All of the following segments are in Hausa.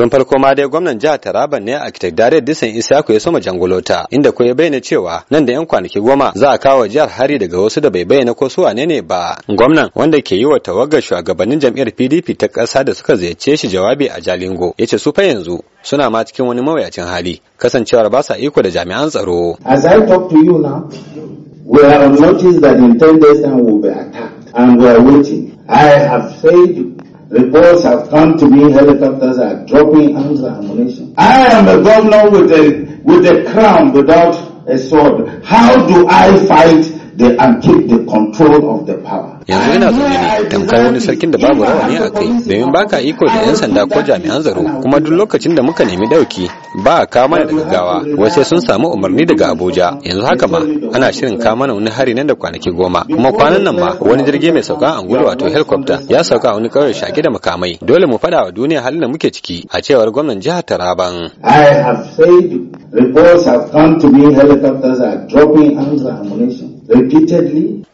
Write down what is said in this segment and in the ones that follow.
tun farko ma dai gwamnan jihar Taraba ne a kitar Dare Disan Isaku ya soma jangolota inda ko ya bayyana cewa nan da yan kwanaki goma za a kawo jihar hari daga wasu da bai bayyana ko su wane ne ba gwamnan wanda ke yi wa tawagar shugabannin jam'iyyar PDP ta ƙasa da suka ziyarce shi jawabi a Jalingo ya ce su fa yanzu suna ma cikin wani mawuyacin hali kasancewar ba sa iko da jami'an tsaro as i talk to you now we have noticed that in 10 days time we be attacked and we are waiting i have said Reports have come to me, helicopters are dropping arms and ammunition. I am a governor with a, with a crown without a sword. How do I fight and the control of the power. Yanzu yana zaune ne tamkar wani sarkin da babu rawani a kai domin baka iko da 'yan sanda ko jami'an tsaro kuma duk lokacin da muka nemi dauki ba a kama da gaggawa wasu sun samu umarni daga Abuja yanzu haka ma ana shirin kama na wani hari nan da kwanaki goma kuma kwanan nan ma wani jirgi mai sauka a angulu wato helicopter ya sauka a wani kauye shage da makamai dole mu faɗa wa duniya halin da muke ciki a cewar gwamnan jihar Taraban. I have said reports have come to me helicopters are dropping ammunition.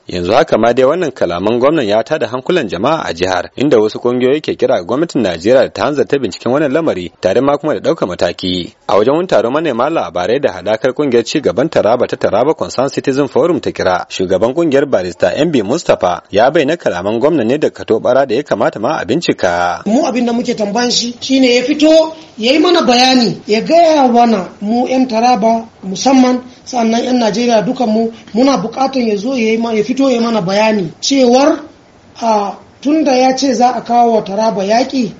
yanzu haka ma dai wannan kalaman gwamnan ya tada hankulan jama'a a jihar inda wasu kungiyoyi ke kira gwamnatin Najeriya da ta hanzarta binciken wannan lamari tare ma kuma da ɗaukar mataki a wajen wani taron manema labarai da hadakar kungiyar ci gaban Taraba ta Taraba concern Citizen Forum ta kira shugaban kungiyar barista MB Mustapha ya bayyana kalaman gwamnan ne da katobara da ya kamata ma a bincika mu abin da muke tambayan shi shine ya fito ya yi mana bayani ya gaya mana mu 'yan Taraba musamman sannan yan najeriya dukanmu muna bukatan ya zo ya fito ya mana bayani cewar a tunda ya ce za a kawo wa taraba yaƙi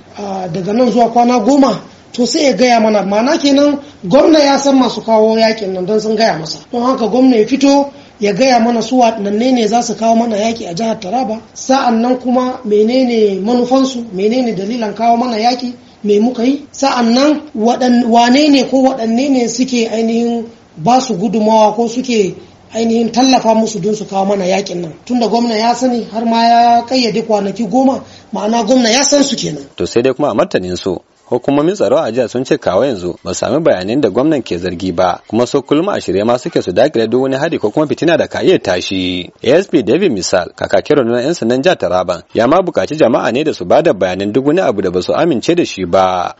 daga nan zuwa kwana goma to sai ya gaya mana mana kenan gwamna ya san masu kawo yaƙin nan don sun gaya masa don haka gwamna ya fito ya gaya mana su waɗanne ne za su kawo mana yaƙi a jihar taraba sa'an nan kuma menene manufansu menene dalilan kawo mana yaƙi me muka yi sa'an nan wane ne ko waɗanne ne suke ainihin ba su gudumawa ko suke ainihin tallafa musu don su kawo mana yakin nan tunda gwamna ya sani har ma ya kayyade kwanaki goma ma'ana gwamna ya san su kenan to sai dai kuma a martanin su hukumomin tsaro a jiya sun ce kawo yanzu ba sami bayanin da gwamnan ke zargi ba kuma so kulma a shirye ma suke su dakile duk wani hari ko kuma fitina da ka iya tashi asp david misal kakakin na yan sandan jihar taraban ya ma bukaci jama'a ne da su ba da bayanan duk wani abu da ba su amince da shi ba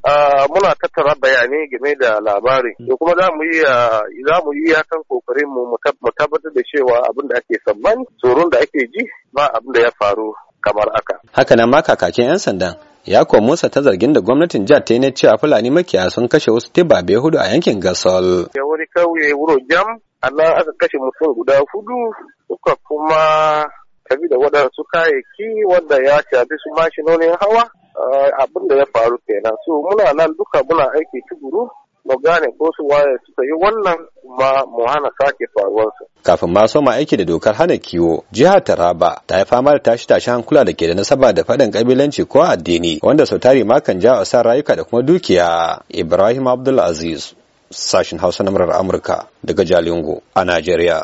muna tattara bayanai game da labarin da kuma za mu yi za mu yi kan kokarin mu mu tabbatar da cewa abin da ake tsammani tsoron da ake ji ba abin da ya faru kamar haka. Haka nan ma kakakin 'yan sandan ya kuwa musa ta zargin da gwamnatin jihar ta yi na cewa fulani makiya sun kashe wasu tibabe hudu a yankin gasol. ya wuri kauye wuro jam allah aka kashe mutum guda hudu suka kuma tafi da waɗansu kayayyaki wanda ya shafi su mashinonin hawa ah, abinda ya faru kenan so muna nan duka muna aiki tuguru mu gane ko su waye suka yi wannan ma mu hana sake faruwarsa. Kafin ma soma aiki da dokar hana kiwo, jihar Taraba ta yi fama da tashi tashi hankula da ke da nasaba da faɗin ƙabilanci ko addini wanda sau tari ma kan ja sa rayuka da kuma dukiya. Ibrahim Abdul Aziz, sashin Hausa na Amurka daga Jalingo a Najeriya.